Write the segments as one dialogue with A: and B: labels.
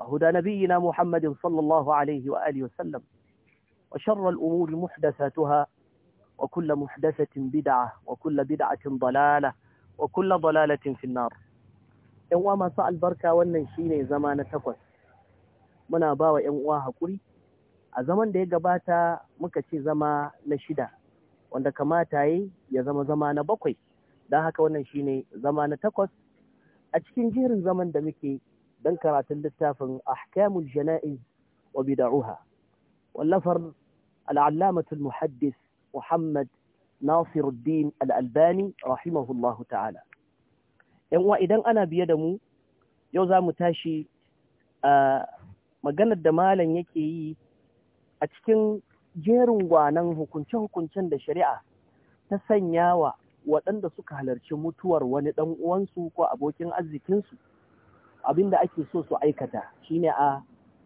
A: هدى نبينا محمد صلى الله عليه وآله وسلم وشر الأمور محدثاتها وكل محدثة بدعة وكل بدعة ضلالة وكل ضلالة في النار إن وما سأل بركة وننشيني زمان تقوس منا باوة إن واها قري الزمان دي قباتا مكتشي زما نشدة وانا كماتاي يا زما زمان بقوي داها كوننشيني زمان تقوس أتكين جير الزمان دمكي don karatun littafin ahkamul jana'iz wa bida'uha wallafar al'allamatul muhaddis muhammad nasiruddin al'albani rahimahullahu ta'ala yan uwa idan ana biye da mu yau za mu tashi a maganar da malam yake yi a cikin jerin gwanan hukunce-hukuncen da shari'a ta sanya wa waɗanda suka halarci mutuwar wani ɗan uwansu ko abokin arzikinsu abinda ake so su aikata shine a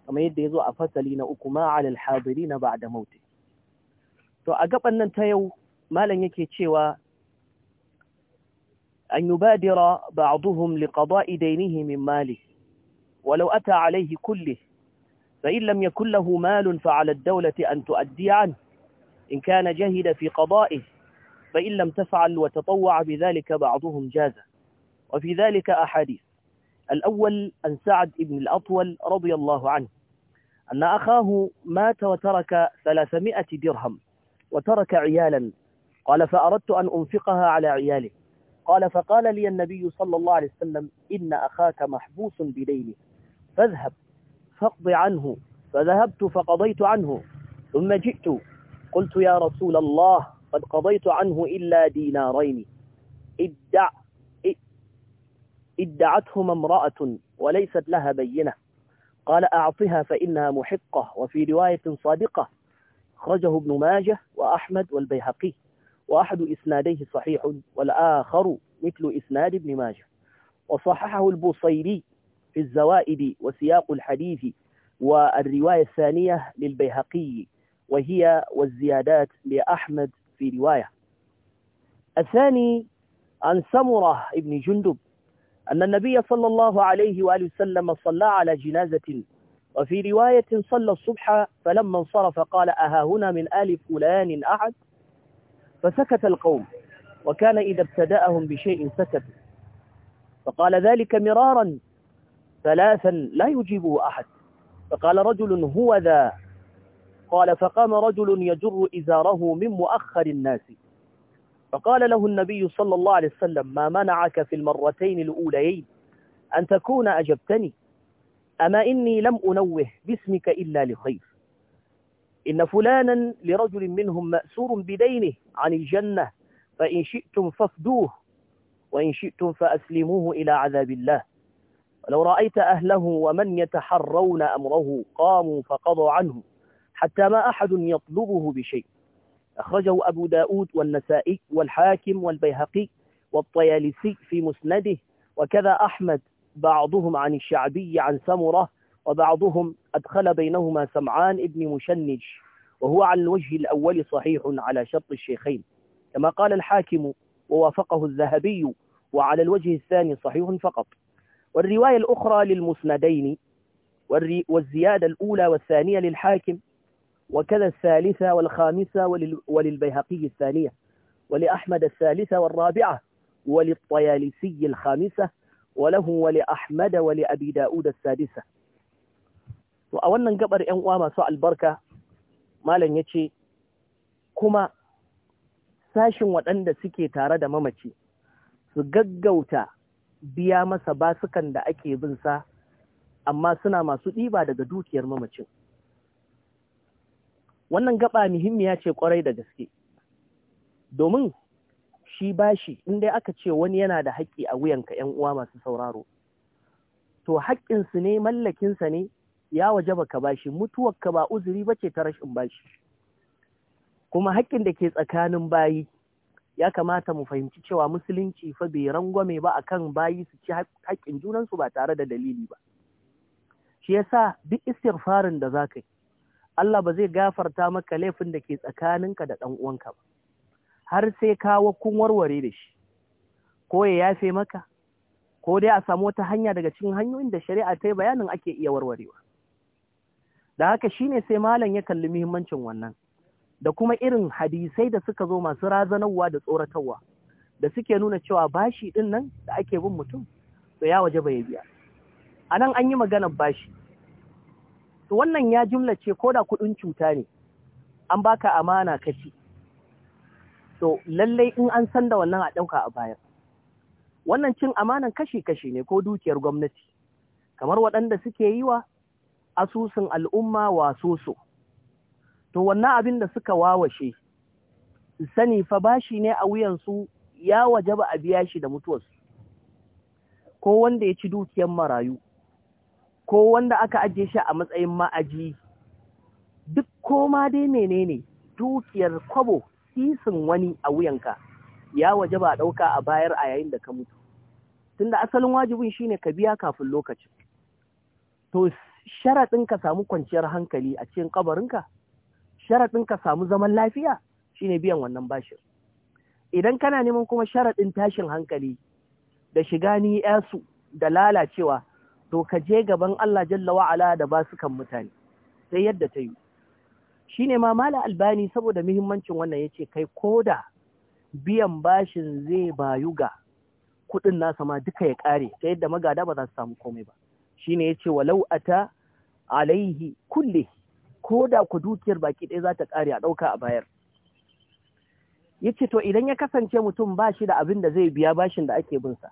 A: kamar yadda ya zo a fasali na uku ma alal hadirina ba'da mauti to a gaban nan ta yau malam yake cewa أن يبادر بعضهم لقضاء دينه من ماله ولو أتى عليه كله فإن لم يكن له مال فعلى الدولة أن تؤدي عنه إن كان جهد في قضائه فإن لم تفعل وتطوع بذلك بعضهم جازا وفي ذلك أحاديث الأول عن سعد بن الأطول رضي الله عنه أن أخاه مات وترك ثلاثمائة درهم وترك عيالا قال فأردت أن أنفقها على عياله قال فقال لي النبي صلى الله عليه وسلم إن أخاك محبوس بدينه فاذهب فاقض عنه فذهبت فقضيت عنه ثم جئت قلت يا رسول الله قد قضيت عنه إلا دينارين ادع ادعتهما امرأة وليست لها بينة قال أعطها فإنها محقة وفي رواية صادقة خرجه ابن ماجه وأحمد والبيهقي وأحد إسناديه صحيح والآخر مثل إسناد ابن ماجه وصححه البوصيري في الزوائد وسياق الحديث والرواية الثانية للبيهقي وهي والزيادات لأحمد في رواية الثاني عن سمرة ابن جندب أن النبي صلى الله عليه وآله وسلم صلى على جنازة وفي رواية صلى الصبح فلما انصرف قال أها هنا من آل فلان أحد فسكت القوم وكان إذا ابتدأهم بشيء سكتوا فقال ذلك مرارا ثلاثا لا يجيبه أحد فقال رجل هو ذا قال فقام رجل يجر إزاره من مؤخر الناس فقال له النبي صلى الله عليه وسلم ما منعك في المرتين الأوليين أن تكون أجبتني أما إني لم أنوه باسمك إلا لخير إن فلانا لرجل منهم مأسور بدينه عن الجنة فإن شئتم فافدوه وإن شئتم فأسلموه إلى عذاب الله ولو رأيت أهله ومن يتحرون أمره قاموا فقضوا عنه حتى ما أحد يطلبه بشيء أخرجه أبو داود والنسائي والحاكم والبيهقي والطيالسي في مسنده وكذا أحمد بعضهم عن الشعبي عن سمرة وبعضهم أدخل بينهما سمعان ابن مشنج وهو على الوجه الأول صحيح على شرط الشيخين كما قال الحاكم ووافقه الذهبي وعلى الوجه الثاني صحيح فقط والرواية الأخرى للمسندين والزيادة الأولى والثانية للحاكم وكذا الثالثة والخامسة ولل وللبيهقي الثانية ولأحمد الثالثة والرابعة وللطيالسي الخامسة وله ولأحمد ولأبي داود السادسة وأولا قبر أن ما سوء البركة ما لن يتشي كما ساشن وطند سكي تارد ممتشي mamaci بياما سباسكا دا أكي بنسا أما سنا ما سوء إبادة suna masu wannan gaba muhimmiya ce kwarai da gaske domin shi bashi in dai aka ce wani yana da haƙƙi a wuyan ka ‘yan uwa masu sauraro to haƙƙinsu ne mallakinsa ne ya waje baka bashi mutuwarka ba uzuri ba ce ta rashin bashi kuma haƙƙin da ke tsakanin bayi ya kamata mu fahimci cewa musulunci fa bai rangwame ba akan bayi su ci haƙƙin junansu ba tare da dalili ba shi yasa duk istighfarin da za yi Allah ba zai gafarta maka laifin da ke tsakaninka da ɗan'uwanka ba har sai kawo kun warware da shi ko ya yafe maka ko dai a samu wata hanya daga cikin hanyoyin da shari'a ta yi bayanin ake iya warwarewa da haka shi ne sai malam ya kalli muhimmancin wannan da kuma irin hadisai da suka zo masu razanarwa da tsoratarwa da suke nuna cewa bashi din nan da ake bin mutum to ya waje bai biya a nan an yi maganar bashi to wannan ya ce ko da kuɗin cuta ne an baka amana kashi to lallai in an san da wannan a ɗauka a baya wannan cin amanan kashi-kashi ne ko dukiyar gwamnati kamar waɗanda suke yi wa asusun al'umma wasoso to wannan abin da suka wawashe sani fa bashi ne a wuyansu ya ba a biya shi da mutuwarsu ko wanda ya ci dukiyar marayu ko wanda aka ajiye shi a matsayin ma'aji duk koma dai menene dukiyar kwabo sisin wani a wuyanka ya waje ba ɗauka a bayar a yayin da ka mutu tunda asalin wajibin shine ka biya kafin lokacin to sharaɗin ka samu kwanciyar hankali a cikin kabarinka sharaɗin ka samu zaman lafiya shine biyan wannan bashin idan kana neman kuma sharaɗin tashin hankali da shiga ni yasu da lalacewa to ka je gaban Allah jalla wa'ala da kan mutane sai yadda ta yi shi ne ma mala albani saboda muhimmancin wannan ya ce kai ko da biyan bashin zai bayu ga kudin nasa ma duka ya kare ta yadda magada ba za su samu komai ba shi ne ya ce walau ata alaihi kulle Ko da ku dukiyar baki ɗaya za ta kare a ɗauka a bayar ya ce to idan ya kasance mutum ba shi da abin da zai biya bashin da ake binsa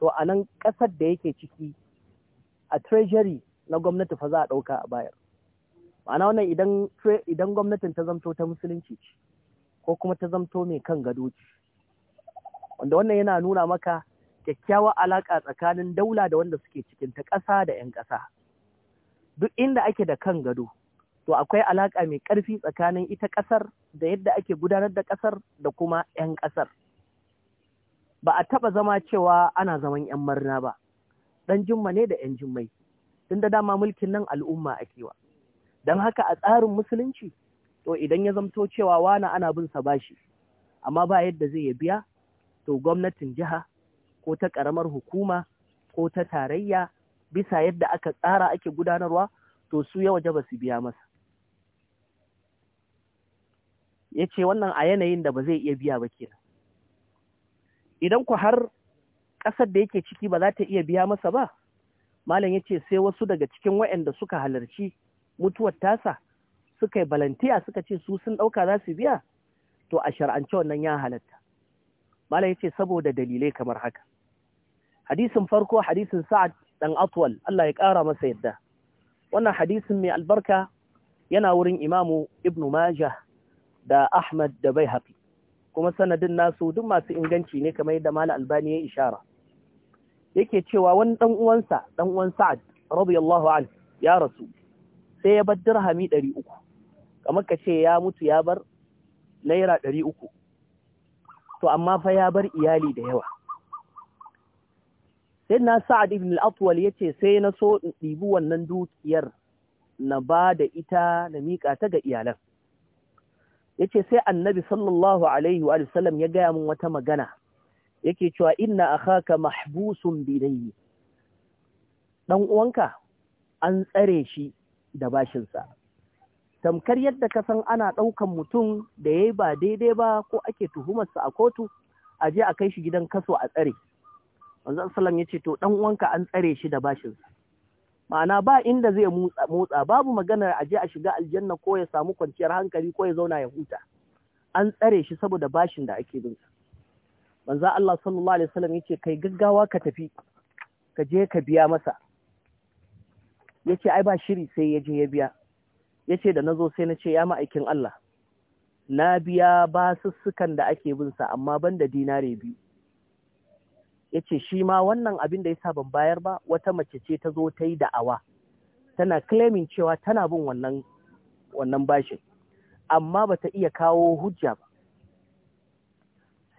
A: to a nan ƙasar da yake ciki a treasury na gwamnati fa za a ɗauka a bayar ma'ana wannan idan gwamnatin ta zamto ta musulunci ce ko kuma ta zamto mai kan gado ce wanda wannan yana nuna maka kyakkyawar alaƙa tsakanin daula da wanda suke cikin ta ƙasa da 'yan ƙasa duk inda ake da kan gado to akwai alaƙa mai ƙarfi tsakanin ita ƙasar da yadda ake gudanar da ƙasar da kuma 'yan ƙasar ba a taɓa zama cewa ana zaman 'yan marna ba ɗan jumma ne da ‘yan Jummai, tun da dama mulkin nan al'umma ake wa dan haka a tsarin musulunci, to idan ya zamto cewa wana ana bin sa bashi, amma ba yadda zai ya biya, to gwamnatin jiha ko ta karamar hukuma ko ta tarayya bisa yadda aka tsara ake gudanarwa, to su ya waje ba su biya masa. Ya ce wannan a yanayin da ba zai iya biya ba kenan. Idan ku har ƙasar da yake ciki ba za ta iya biya masa ba malam ya ce sai wasu daga cikin waɗanda suka halarci mutuwar tasa suka yi balantiya suka ce su sun ɗauka za su biya to a shar'ance wannan ya halatta malam ya ce saboda dalilai kamar haka hadisin farko hadisin sa'ad dan atwal Allah ya kara masa yadda wannan hadisin mai albarka yana wurin imamu ibnu majah da ahmad da bai kuma sanadin nasu duk masu inganci ne kamar yadda malam albani ya ishara yake cewa wani ɗan uwansa ɗan uwan Sa'ad radiyallahu anhu ya rasu sai ya bar dirhami 300 kamar ka ce ya mutu ya bar naira 300 to amma fa ya bar iyali da yawa sai na Sa'ad ibn al-Atwal yace sai na so in ɗibi wannan dukiyar na ba da ita na miƙa ta ga iyalan yace sai annabi sallallahu alaihi wa sallam ya gaya min wata magana yake cewa inna akhaka mahbusun bidayyi dan uwanka an tsare shi da bashinsa tamkar yadda ka san ana ɗaukan mutum da yayi ba daidai ba ko ake tuhumarsa a kotu a je a kai shi gidan kaso a tsare manzon sallam yace to dan uwanka an tsare shi da bashinsa ma'ana ba inda zai motsa babu maganar a je a shiga aljanna ko ya samu kwanciyar hankali ko ya zauna ya huta an tsare shi saboda bashin da ake binsa manzo Allah sallallahu alaihi wasallam yace kai gaggawa ka tafi ka je ka biya masa yace ai ba shiri sai ya je ya biya yace da nazo sai na ce ya ma'aikin Allah na biya basussukan da ake bin sa amma ban da dinare biyu yace shi ma wannan abin da yasa ban bayar ba wata mace ce ta zo ta yi da'awa tana claiming cewa tana bin wannan wannan bashin amma bata iya kawo hujja ba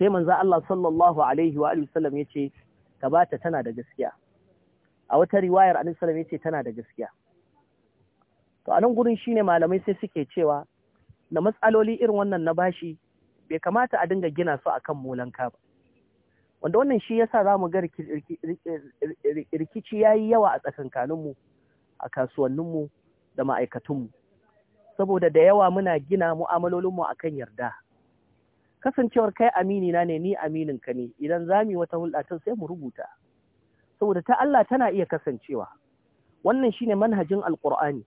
A: sai manzo Allah sallallahu alaihi wa alihi sallam yace kabata tana da gaskiya a wata riwayar annabi ya ce yace tana da gaskiya to anan gurin shine malamai sai suke cewa da matsaloli irin wannan na bashi bai kamata a dinga gina su akan mulanka ba wanda wannan shi yasa za mu ga rikici yayi yawa a mu, a kasuwannin mu, da ma'aikatun mu, saboda da yawa muna gina mu'amalolinmu akan yarda kasancewar kai amini na ne ni aminin ka ne idan za mu wata hulɗa ta sai mu rubuta saboda ta Allah tana iya kasancewa wannan shine manhajin alqur'ani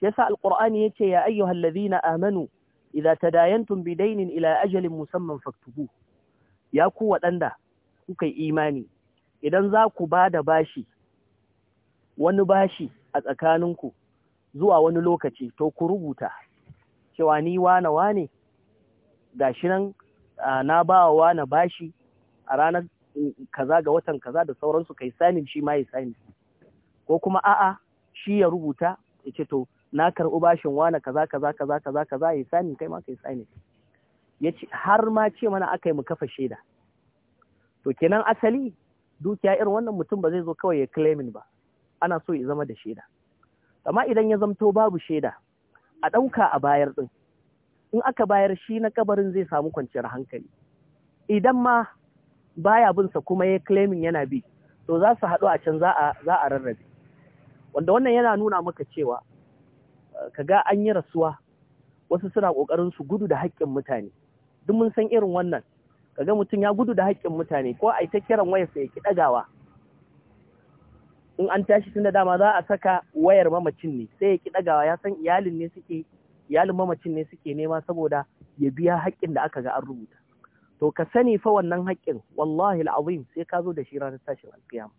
A: yasa alqur'ani yace ya ayyuhal ladhina amanu idza tadayantum dainin ila ajalin musamman faktubu ya ku waɗanda kuka yi imani idan za ku ba da bashi wani bashi a tsakaninku zuwa wani lokaci to ku rubuta cewa ni wane wane gashi nan na ba wa wani bashi a ranar kaza ga watan kaza da sauransu kai sanin shi ma ya sani ko kuma a'a shi ya rubuta ya ce to na karɓi bashin wani kaza kaza kaza kaza kaza ya sani kai ma kai sani ya ce har ma ce mana aka yi mu kafa shaida to kenan asali dukiya irin wannan mutum ba zai zo kawai ya claiming ba ana so ya zama da shaida amma idan ya zamto babu shaida a ɗauka a bayar ɗin in aka bayar shi na kabarin zai samu kwanciyar hankali idan ma baya bin sa kuma ya claiming yana bi to za su haɗu a can za a za a rarrabe wanda wannan yana nuna maka cewa eh, kaga an yi rasuwa wasu suna kokarin su gudu da haƙƙin mutane duk mun san irin wannan kaga mutum ya gudu da haƙƙin mutane ko a ta kiran waya sai ya ki ɗagawa in an tashi tun da dama za a saka wayar mamacin ne sai ya ki ɗagawa ya san iyalin ne suke iyalin mamacin ne suke nema saboda ya biya haƙƙin da aka ga an rubuta to ka sani fa wannan haƙƙin wallahi al'azim sai ka zo da shi ranar tashin alƙiyama.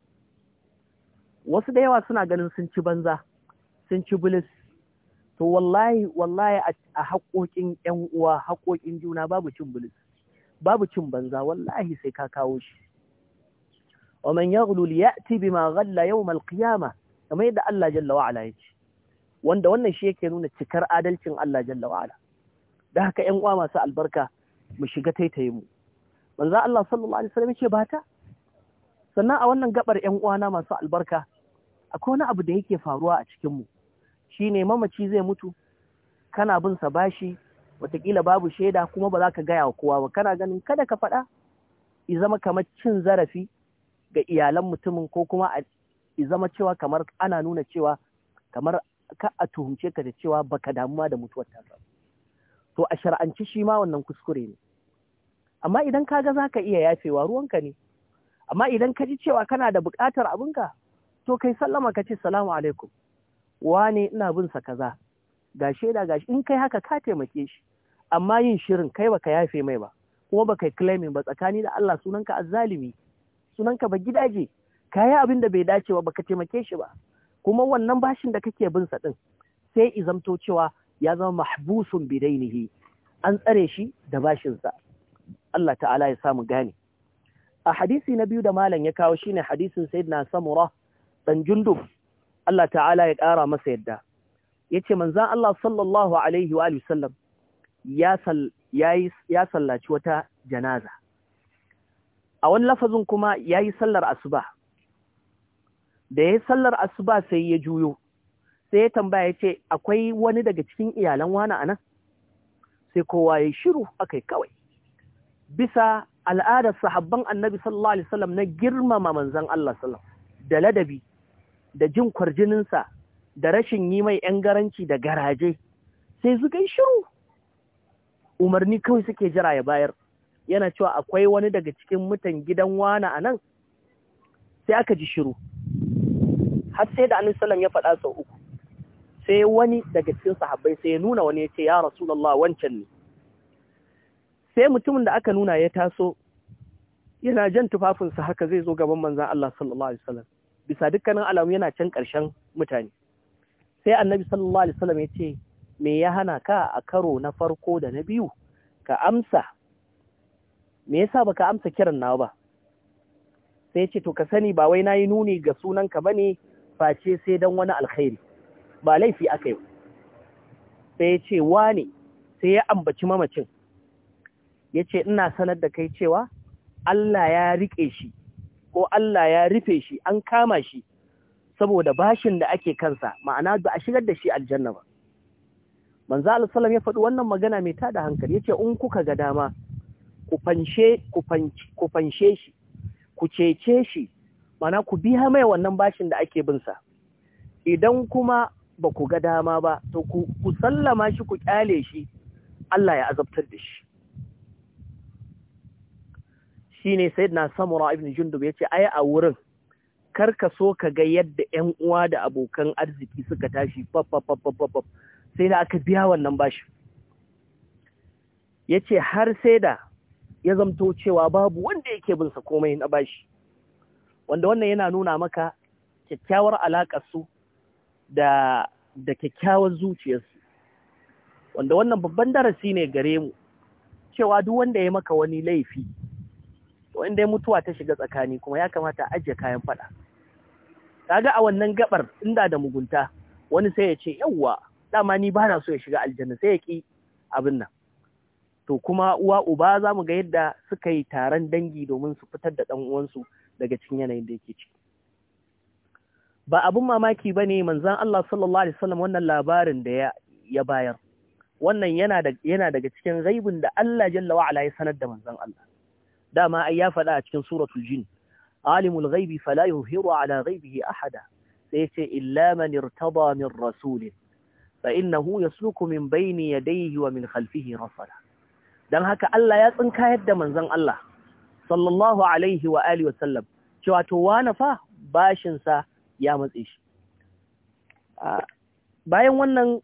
A: wasu da yawa suna ganin sun ci banza sun ci bilis to wallahi wallahi a haƙoƙin ƴan uwa haƙoƙin juna babu cin bilis babu cin banza wallahi sai ka kawo shi wa man yaghlul ya'ti bima ghalla yawm al kamar yadda Allah jalla wa ala ce. wanda wannan shi yake nuna cikar adalcin Allah jalla wa'ala da haka ƴan uwa masu albarka mu shiga taitaye mu manzo Allah sallallahu alaihi wasallam yake bata sannan a wannan gabar ƴan uwana masu albarka akwai wani abu da yake faruwa a cikin mu shine mamaci zai mutu kana bin sa bashi Wataƙila babu shaida kuma ba za ka gaya wa kowa ba kana ganin kada ka faɗa i zama kamar cin zarafi ga iyalan mutumin ko kuma i zama cewa kamar ana nuna cewa kamar ka a tuhumce ka da cewa baka damuwa da mutuwar ta to a shar'anci shi ma wannan kuskure ne amma idan ka ga za ka iya yafewa ruwanka ne amma idan ka ji cewa kana da buƙatar abinka to kai sallama ka ce salamu alaikum wane ina bin sa kaza ga shaida ga in kai haka ka taimake shi amma yin shirin kai baka yafe mai ba kuma baka claiming ba tsakani da Allah sunanka azzalimi sunanka ba gidaje kayi abin da bai dace ba baka taimake shi ba kuma wannan bashin da kake bin sa din sai izamto cewa ya zama mahbusun bidainihi an tsare shi da bashinsa Allah ta'ala ya samu gane a hadisi na biyu da malam ya kawo shine hadisin sayyidina samura dan jundub Allah ta'ala ya ƙara masa yadda yace manzon Allah sallallahu alaihi wa sallam ya sal ya sallaci wata janaza a wani lafazin kuma yayi sallar asuba da ya sallar asuba sai ya juyo sai ya tambaya ce akwai wani daga cikin iyalan wani anan sai kowa ya shiru akai kawai bisa al'adar sahabban annabi sallallahu alaihi wasallam na girmama manzon Allah sallallahu da ladabi da jin kwarjininsa da rashin yi mai ‘yan garanci da garaje sai su kai shiru umarni kawai suke jira ya bayar yana cewa akwai wani daga cikin mutan gidan wani a nan sai aka ji shiru har sai da annabi wasallam ya faɗa sau uku sai wani daga cikin sahabbai sai ya nuna wani ya ce ya rasulullah wancan ne sai mutumin da aka nuna ya taso yana jan tufafinsa haka zai zo gaban manzan Allah sallallahu alaihi wasallam bisa dukkanin alamu yana can karshen mutane sai annabi sallallahu alaihi wasallam ya ce me ya hana ka a karo na farko da na biyu ka amsa me yasa baka amsa kiran nawa ba sai ce to ka sani ba wai nayi nuni ga sunan ka bane face sai don wani alkhairi ba laifi aka yi sai ya ce ne sai ya ambaci mamacin ya ce ina sanar da kai cewa Allah ya riƙe shi ko Allah ya rufe shi an kama shi saboda bashin da ake kansa ma'ana ba a shigar da shi aljanna ba manzo Allah ya faɗi wannan magana mai tada hankali yace in kuka ga dama ku fanshe ku fanshe shi ku cece shi mana ku biya mai wannan bashin da ake sa? idan kuma ba ku ga dama ba to ku sallama shi ku kyale shi Allah ya azabtar da shi shine ne sayyidina samura ibn jundub yace ai a wurin kar ka so ka ga yadda ƴan uwa da abokan arziki suka tashi fafafafafafa sai da aka biya wannan bashin yace har sai da ya zamto cewa babu wanda yake bin sa komai na bashi wanda wannan yana nuna maka kyakkyawar alaƙarsu da da kyakkyawar zuciyarsu wanda wannan babban darasi ne gare mu cewa duk wanda ya maka wani laifi wanda ya mutuwa ta shiga tsakani kuma ya kamata ajiye kayan fada kaga a wannan gabar inda da mugunta wani sai ya ce yawwa dama ni bana so ya shiga aljanna sai ya ki abin nan to kuma uwa uba za mu ga yadda suka yi taron dangi domin su fitar da dan uwansu daga cikin yanayin da yake ciki ba abun mamaki ba ne manzan Allah sallallahu Alaihi wasallam wannan labarin da ya bayar wannan yana daga cikin gaibin da Allah jalla wa'ala ya sanar da manzan Allah dama ai ya faɗa a cikin suratul jin alimul ghaibi fala yuhiru ala ghaibihi ahada sai ce illa man irtada min rasulin fa innahu yasluku min bayni yadayhi wa min khalfihi rasala dan haka Allah ya tsinkayar da manzan Allah sallallahu alaihi wa alihi wasallam cewa to wani fa bashinsa ya matse shi bayan wannan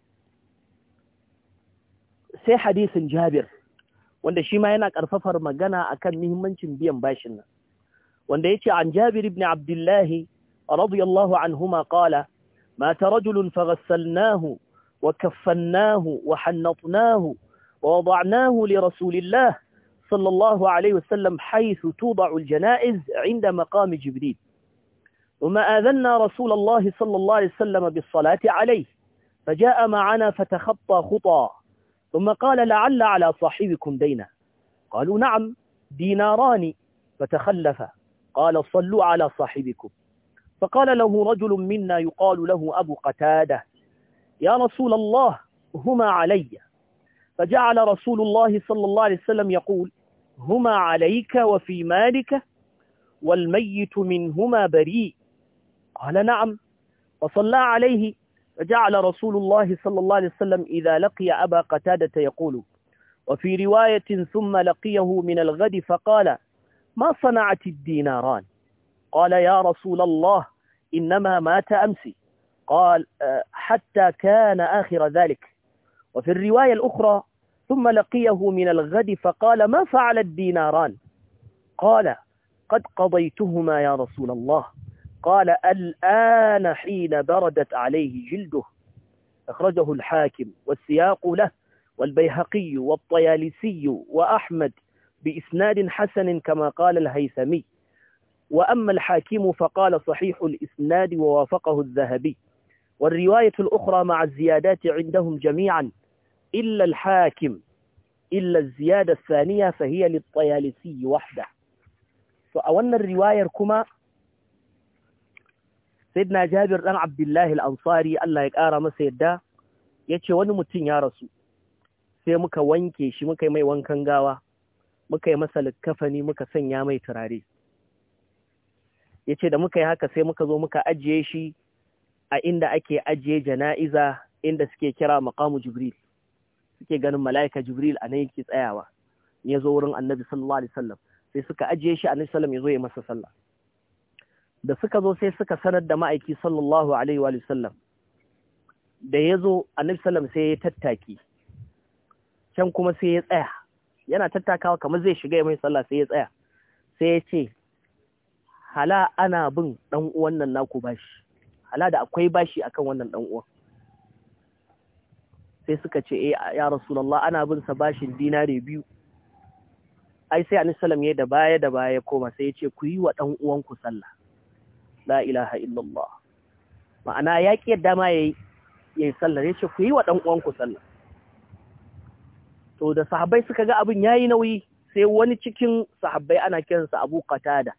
A: sai hadisin jabir wanda shi ma yana karfafar magana akan muhimmancin biyan bashin nan wanda yace an jabir ibn abdullahi radiyallahu anhuma qala wa رجل wa وكفناه وحنطناه ووضعناه li rasulillah. صلى الله عليه وسلم حيث توضع الجنائز عند مقام جبريل وما آذنا رسول الله صلى الله عليه وسلم بالصلاة عليه فجاء معنا فتخطى خطى ثم قال لعل على صاحبكم دينا قالوا نعم ديناران فتخلف قال صلوا على صاحبكم فقال له رجل منا يقال له أبو قتادة يا رسول الله هما علي فجعل رسول الله صلى الله عليه وسلم يقول هما عليك وفي مالك والميت منهما بريء قال نعم فصلى عليه فجعل رسول الله صلى الله عليه وسلم إذا لقي أبا قتادة يقول وفي رواية ثم لقيه من الغد فقال ما صنعت الديناران قال يا رسول الله إنما مات أمس قال آه، حتى كان آخر ذلك وفي الرواية الأخرى ثم لقيه من الغد فقال ما فعل الديناران قال قد قضيتهما يا رسول الله قال الآن حين بردت عليه جلده أخرجه الحاكم والسياق له والبيهقي والطيالسي وأحمد بإسناد حسن كما قال الهيثمي وأما الحاكم فقال صحيح الإسناد ووافقه الذهبي والرواية الأخرى مع الزيادات عندهم جميعا إلا الحاكم إلا الزيادة الثانية فهي للطيالسي وحده فأولنا الرواية كما سيدنا جابر ɗan Abdullahi Al-Ansari, Allah ya ƙara masa yadda ya ce wani mutum ya rasu sai muka wanke shi muka yi mai wankan gawa muka yi masa likkafani muka sanya mai turare ya ce da muka yi haka sai muka zo muka ajiye shi a inda ake ajiye jana'iza inda suke kira makamu jibril suke ganin mala'ika jibril a nan yake tsayawa ya zo wurin annabi sallallahu alaihi wasallam sai suka ajiye shi annabi sallam ya zo ya masa sallah da suka zo sai suka sanar da ma'aiki sallallahu alaihi wasallam sallam da ya zo annabi sallam sai ya tattaki can kuma sai ya tsaya yana tattakawa kamar zai shiga ya mai sallah sai ya tsaya sai ya ce hala ana bin dan uwan nan naku bashi hala da akwai bashi akan wannan dan uwan sai suka ce eh ya rasulullah ana bin sa bashin dinare biyu ai sai annabi sallam ya da baya da baya ya koma sai ya ce ku yi wa dan ku sallah la ilaha illallah ma'ana ya ki yadda ma yayi yayi sallah ya ce ku yi wa dan ku sallah to da sahabbai suka ga abin yayi nauyi sai wani cikin sahabbai ana kiransa Abu Qatada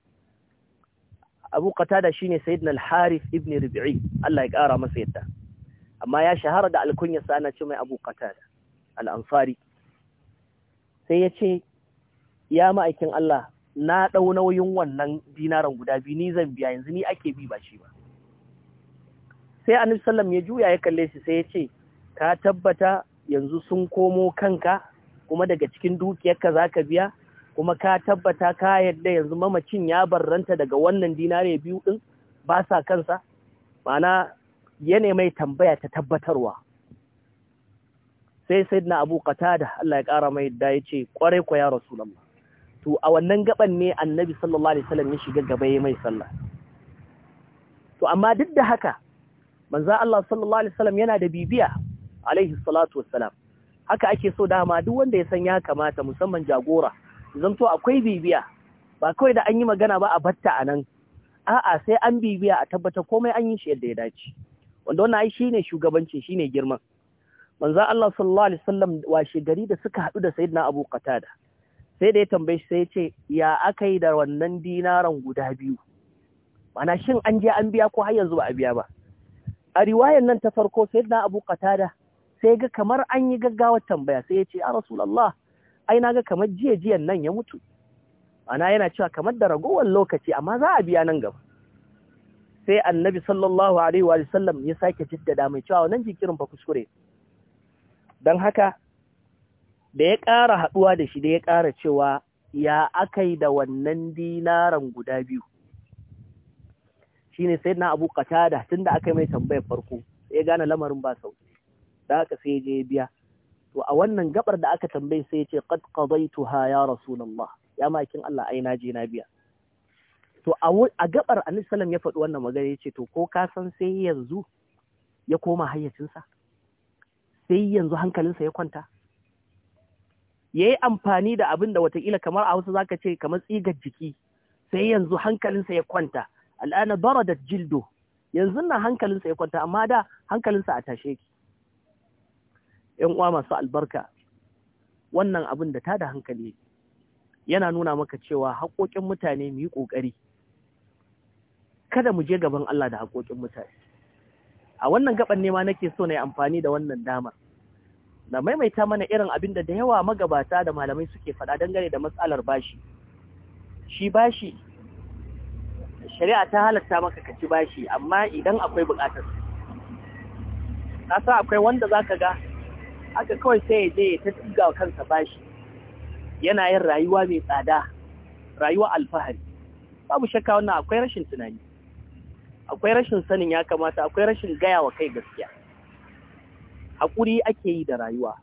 A: Abu Qatada shine Sayyidina Al-Harith ibn Rabi'i Allah ya kara masa yadda amma ya shahara da alkunyarsa ana ce mai abu qatada al sai ya ce ya ma'aikin Allah na ɗau nauyin wannan dinaran guda biyu ni zan biya yanzu ni ake bi ba shi ba sai annabi sallam ya juya ya kalle shi sai ya ce ka tabbata yanzu sun komo kanka kuma daga cikin dukiyarka zaka biya kuma ka tabbata ka yadda yanzu mamacin ya barranta daga wannan dinare biyu din ba sa kansa ma'ana Yane mai tambaya ta tabbatarwa sai sai na abu qatada Allah ya kara mai da ya ce kwarai ko ya rasulullah to a wannan gaban ne annabi sallallahu alaihi wasallam ya shiga gaba yayi mai sallah to amma duk da haka manzo Allah sallallahu alaihi wasallam yana da bibiya alaihi salatu wassalam haka ake so dama duk wanda ya san ya kamata musamman jagora zanto akwai bibiya ba kawai da an yi magana ba a batta anan a'a sai an bibiya a tabbata komai an yi shi yadda ya dace wanda wannan ai shine shugabanci shine girma manzo Allah sallallahu alaihi wasallam washe gari da suka haɗu da sayyidina Abu Qatada sai da ya tambaye shi sai ya ce ya akai da wannan dinaran guda biyu mana shin an je an biya ko har yanzu ba a biya ba a riwayar nan ta farko sayyidina Abu Qatada sai ga kamar an yi gaggawar tambaya sai ya ce ya Rasulullah ai na ga kamar jiya jiyan nan ya mutu ana yana cewa kamar da ragowar lokaci amma za a biya nan gaba sai annabi sallallahu alaihi wa sallam ya sake jaddada mai cewa wannan jikirin fa kuskure don haka da ya ƙara haɗuwa da shi da ya ƙara cewa ya akai da wannan dinaran guda biyu shine sai na abu qatada tunda aka mai tambayar farko ya gane lamarin ba sauki da aka sai je biya to a wannan gabar da aka tambaye sai ya ce qad qadaytuha ya rasulullah ya makin Allah ai na je na biya to a gabar annabi sallam ya faɗi wannan magana ya ce to ko ka san sai yanzu ya koma hayyacinsa sai yanzu hankalinsa ya kwanta ya yi amfani da abin da watakila kamar a wasu zaka ce kamar tsigar jiki sai yanzu hankalinsa ya kwanta al'ana da jildo yanzu na hankalinsa ya kwanta amma da hankalinsa a tashe ki yan uwa masu albarka wannan abin da ta da hankali yana nuna maka cewa haƙoƙin mutane mu yi ƙoƙari kada mu je gaban Allah da haƙoƙin mutane a wannan gaban nema nake so na yi amfani da wannan damar na maimaita mana irin abin da da yawa magabata da malamai suke faɗa dangane da matsalar bashi shi bashi shari'a ta halatta maka ka ci bashi amma idan akwai buƙatar sa akwai wanda za ka ga aka kawai sai ya je ta tsiga kansa bashi yana yin rayuwa mai tsada rayuwa alfahari babu shakka wannan akwai rashin tunani akwai rashin sanin ya kamata akwai rashin gaya wa kai gaskiya haƙuri ake yi da rayuwa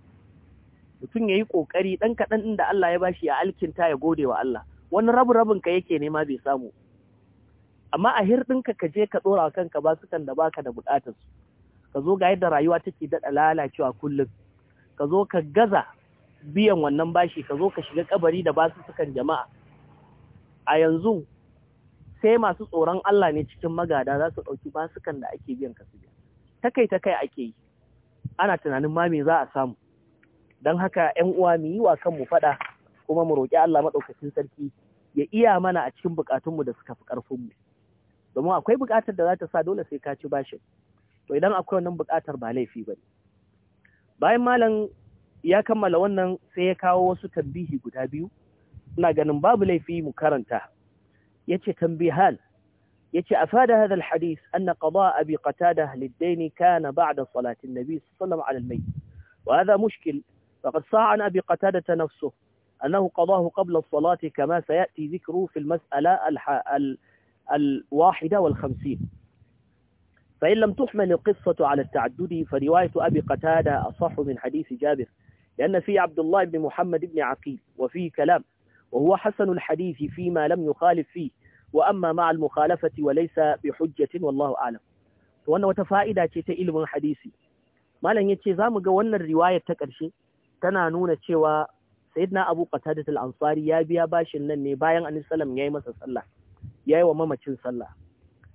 A: mutum ya yi ƙoƙari ɗan kaɗan inda Allah ya bashi ya alkinta ya gode wa Allah wani rabu rabin ka yake nema bai samu amma a hirɗinka ka je ka ɗora kanka ba kan da baka da buƙatar su ka zo ga yadda rayuwa take daɗa lalacewa kullum ka zo ka gaza biyan wannan bashi ka zo ka shiga kabari da basu sukan jama'a a yanzu sai masu tsoron Allah ne cikin magada za su ɗauki basukan da ake biyan ka su ta kai ta kai ake yi ana tunanin ma me za a samu don haka ‘yan uwa mu yi wa kanmu faɗa kuma mu roƙi Allah maɗaukacin sarki ya iya mana a cikin buƙatunmu da suka fi ƙarfinmu domin akwai buƙatar da za ta sa dole sai ka ci bashin to idan akwai wannan buƙatar ba laifi ba bayan malam ya kammala wannan sai ya kawo wasu tambihi guda biyu ina ganin babu laifi mu karanta يتي تنبيهان يتي أفاد هذا الحديث أن قضاء أبي قتاده للدين كان بعد صلاة النبي صلى الله عليه وسلم على الميت وهذا مشكل فقد صاع عن أبي قتادة نفسه أنه قضاه قبل الصلاة كما سيأتي ذكره في المسألة الح... ال... الواحدة والخمسين فإن لم تحمل القصة على التعدد فرواية أبي قتادة أصح من حديث جابر لأن فيه عبد الله بن محمد بن عقيل وفيه كلام Wahuwa وهو fi Malam فيما wa يخالف فيه وأما مع المخالفة وليس بحجة والله أعلم wannan wata fa'ida ce ta ilimin hadisi malam ya ce za mu ga wannan riwayar ta ƙarshe tana nuna cewa sayyidina abu qatadat al-ansari ya biya bashin nan ne bayan annabi sallam yayi masa sallah yayi wa mamacin sallah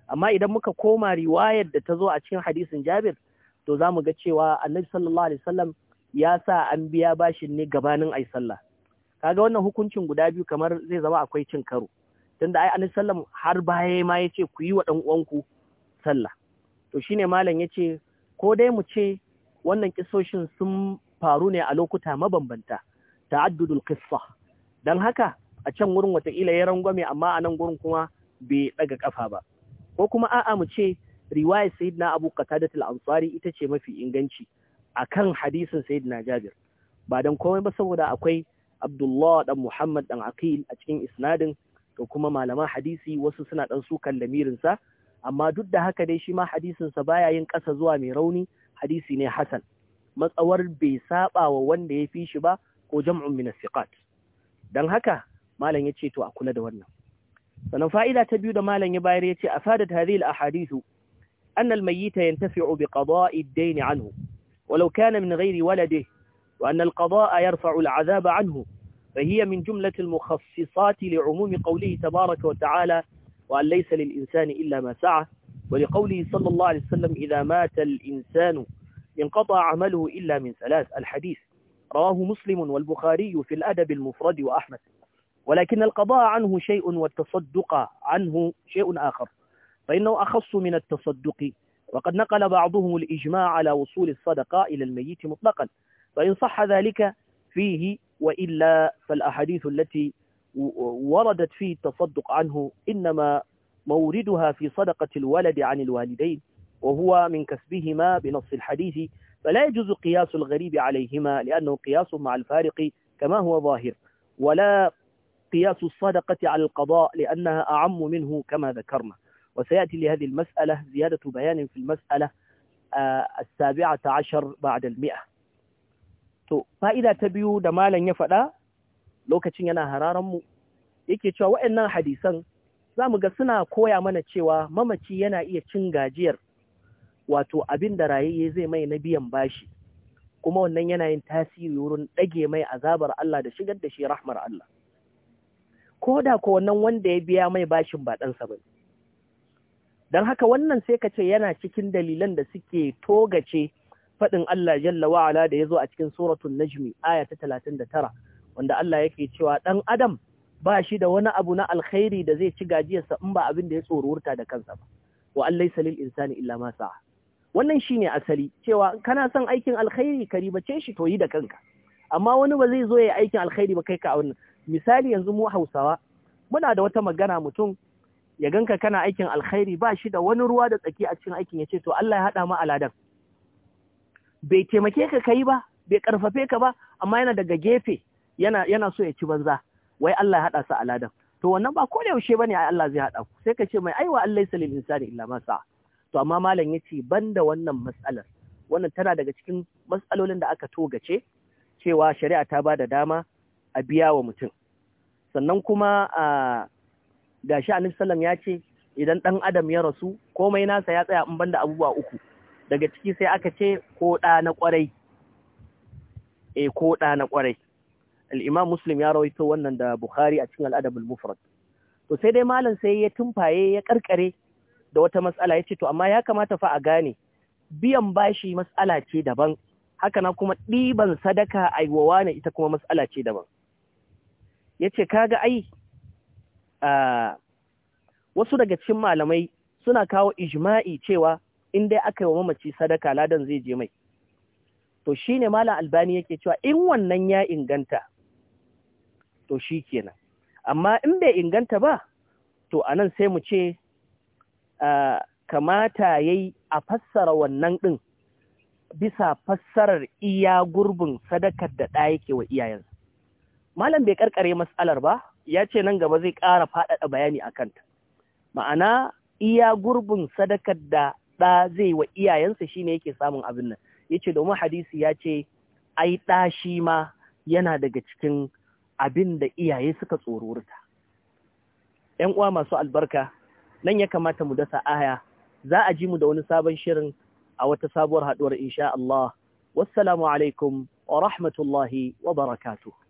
A: amma idan muka koma riwayar da ta zo a cikin hadisin jabir to za mu ga cewa annabi sallallahu ya sa an biya bashin ne gabanin yi sallah kaga wannan hukuncin guda biyu kamar zai zama akwai cin karo tunda ai annabi sallam har baya ma yace ku yi wa dan uwanku sallah to shine malam yace ko dai mu ce wannan kisoshin sun faru ne a lokuta mabambanta ta'addudul qissa dan haka a can wurin wataƙila ya rangwame amma a nan gurin kuma bai ɗaga ƙafa ba ko kuma a'a mu ce riwaya sayyidina abu qatadatul ansari ita ce mafi inganci akan hadisin sayyidina jabir ba dan komai ba saboda akwai Abdullah dan Muhammad dan Aqil a cikin isnadin da kuma malaman hadisi wasu suna dan sukan lamirinsa amma duk da haka dai shi ma hadisinsa baya yin ƙasa zuwa mai rauni hadisi ne hasan matsawar bai saba wa wanda ya fi shi ba ko jam'un min asiqat dan haka malam yace to a kula da wannan sannan fa'ida ta biyu da malam ya bayar yace afadat hadhihi al-ahadith أن الميت ينتفع بقضاء الدين عنه ولو كان من غير ولده وأن القضاء يرفع العذاب عنه فهي من جملة المخصصات لعموم قوله تبارك وتعالى وأن ليس للإنسان إلا ما سعى ولقوله صلى الله عليه وسلم إذا مات الإنسان انقطع عمله إلا من ثلاث الحديث رواه مسلم والبخاري في الأدب المفرد وأحمد ولكن القضاء عنه شيء والتصدق عنه شيء آخر فإنه أخص من التصدق وقد نقل بعضهم الإجماع على وصول الصدقة إلى الميت مطلقا فإن صح ذلك فيه وإلا فالأحاديث التي وردت فيه التصدق عنه إنما موردها في صدقة الولد عن الوالدين وهو من كسبهما بنص الحديث فلا يجوز قياس الغريب عليهما لأنه قياس مع الفارق كما هو ظاهر ولا قياس الصدقة على القضاء لأنها أعم منه كما ذكرنا وسيأتي لهذه المسألة زيادة بيان في المسألة آه، السابعة عشر بعد المئة To, fa'ida ta biyu da malam ya faɗa lokacin yana hararan mu, yake cewa waɗannan hadisan za mu ga suna koya mana cewa mamaci yana iya cin gajiyar wato abin da rayayye zai mai na biyan bashi, kuma wannan yana yin tasiri wurin ɗage mai azabar Allah da shigar da shi rahmar Allah. Ko da ko wannan wanda ya biya mai bashin ba ɗansa ba. Don haka wannan sai ka ce yana cikin dalilan da suke togace faɗin Allah jalla wa'ala da ya zo a cikin suratul najmi aya ta tara. wanda Allah yake cewa ɗan adam ba shi da wani abu na alkhairi da zai ci gajiyarsa in ba abin da ya tsorurta da kansa ba wa Allah salil insani illa ma sa'a wannan shine asali cewa kana son aikin alkhairi ka ribace shi to yi da kanka amma wani ba zai zo ya aikin alkhairi ba kai ka wannan misali yanzu mu Hausawa muna da wata magana mutum ya ganka kana aikin alkhairi ba shi da wani ruwa da tsaki a cikin aikin ya ce to Allah ya haɗa mu aladan bai taimake ka kai ba bai karfafe ka ba amma yana daga gefe yana so ya ci banza wai Allah ya haɗa su a ladan to wannan ba ko da yaushe bane ai Allah zai haɗa ku sai ka ce mai aiwa Allah yasa lil insani illa ma sa to amma malam yace banda wannan matsalar. wannan tana daga cikin matsalolin da aka togace cewa shari'a ta ba da dama a biya wa mutum sannan kuma a gashi annabi sallam ya ce idan ɗan adam ya rasu komai nasa ya tsaya in banda abubuwa uku daga ciki sai aka ce ko ɗa na kwarai. e eh, ko ɗa na ƙwarai al'imam muslim ya rawaito wannan da bukhari a cikin al'adabul mufrad to sai dai malam sai ya tumfaye ya karkare da wata matsala ya ce to amma ya kamata fa a gane biyan bashi matsala ce daban haka na kuma ɗiban sadaka a wa ita kuma matsala ce daban ya ce kaga ai wasu daga cikin malamai suna kawo ijma'i cewa in dai aka yi wa mamaci sadaka ladan zai je mai to shine malam albani yake cewa in wannan ya inganta to shi kenan amma in bai inganta ba to anan sai mu ce kamata yayi a fassara wannan ɗin bisa fassarar iya gurbin sadakar da ɗaya yake wa iyayensa malam bai karkare matsalar ba ya ce nan gaba zai ƙara faɗaɗa bayani a kanta ma'ana iya gurbin sadakar da ɗa zai wa iyayensa shi ne yake samun abin nan ya ce domin hadisi ya ce ai ɗa shi ma yana daga cikin abin da iyaye suka tsororta ‘yan uwa masu albarka nan ya kamata mu dasa aya za a ji mu da wani sabon shirin a wata sabuwar haɗuwar insha Allah wassalamu alaikum wa rahmatullahi wa barakatuh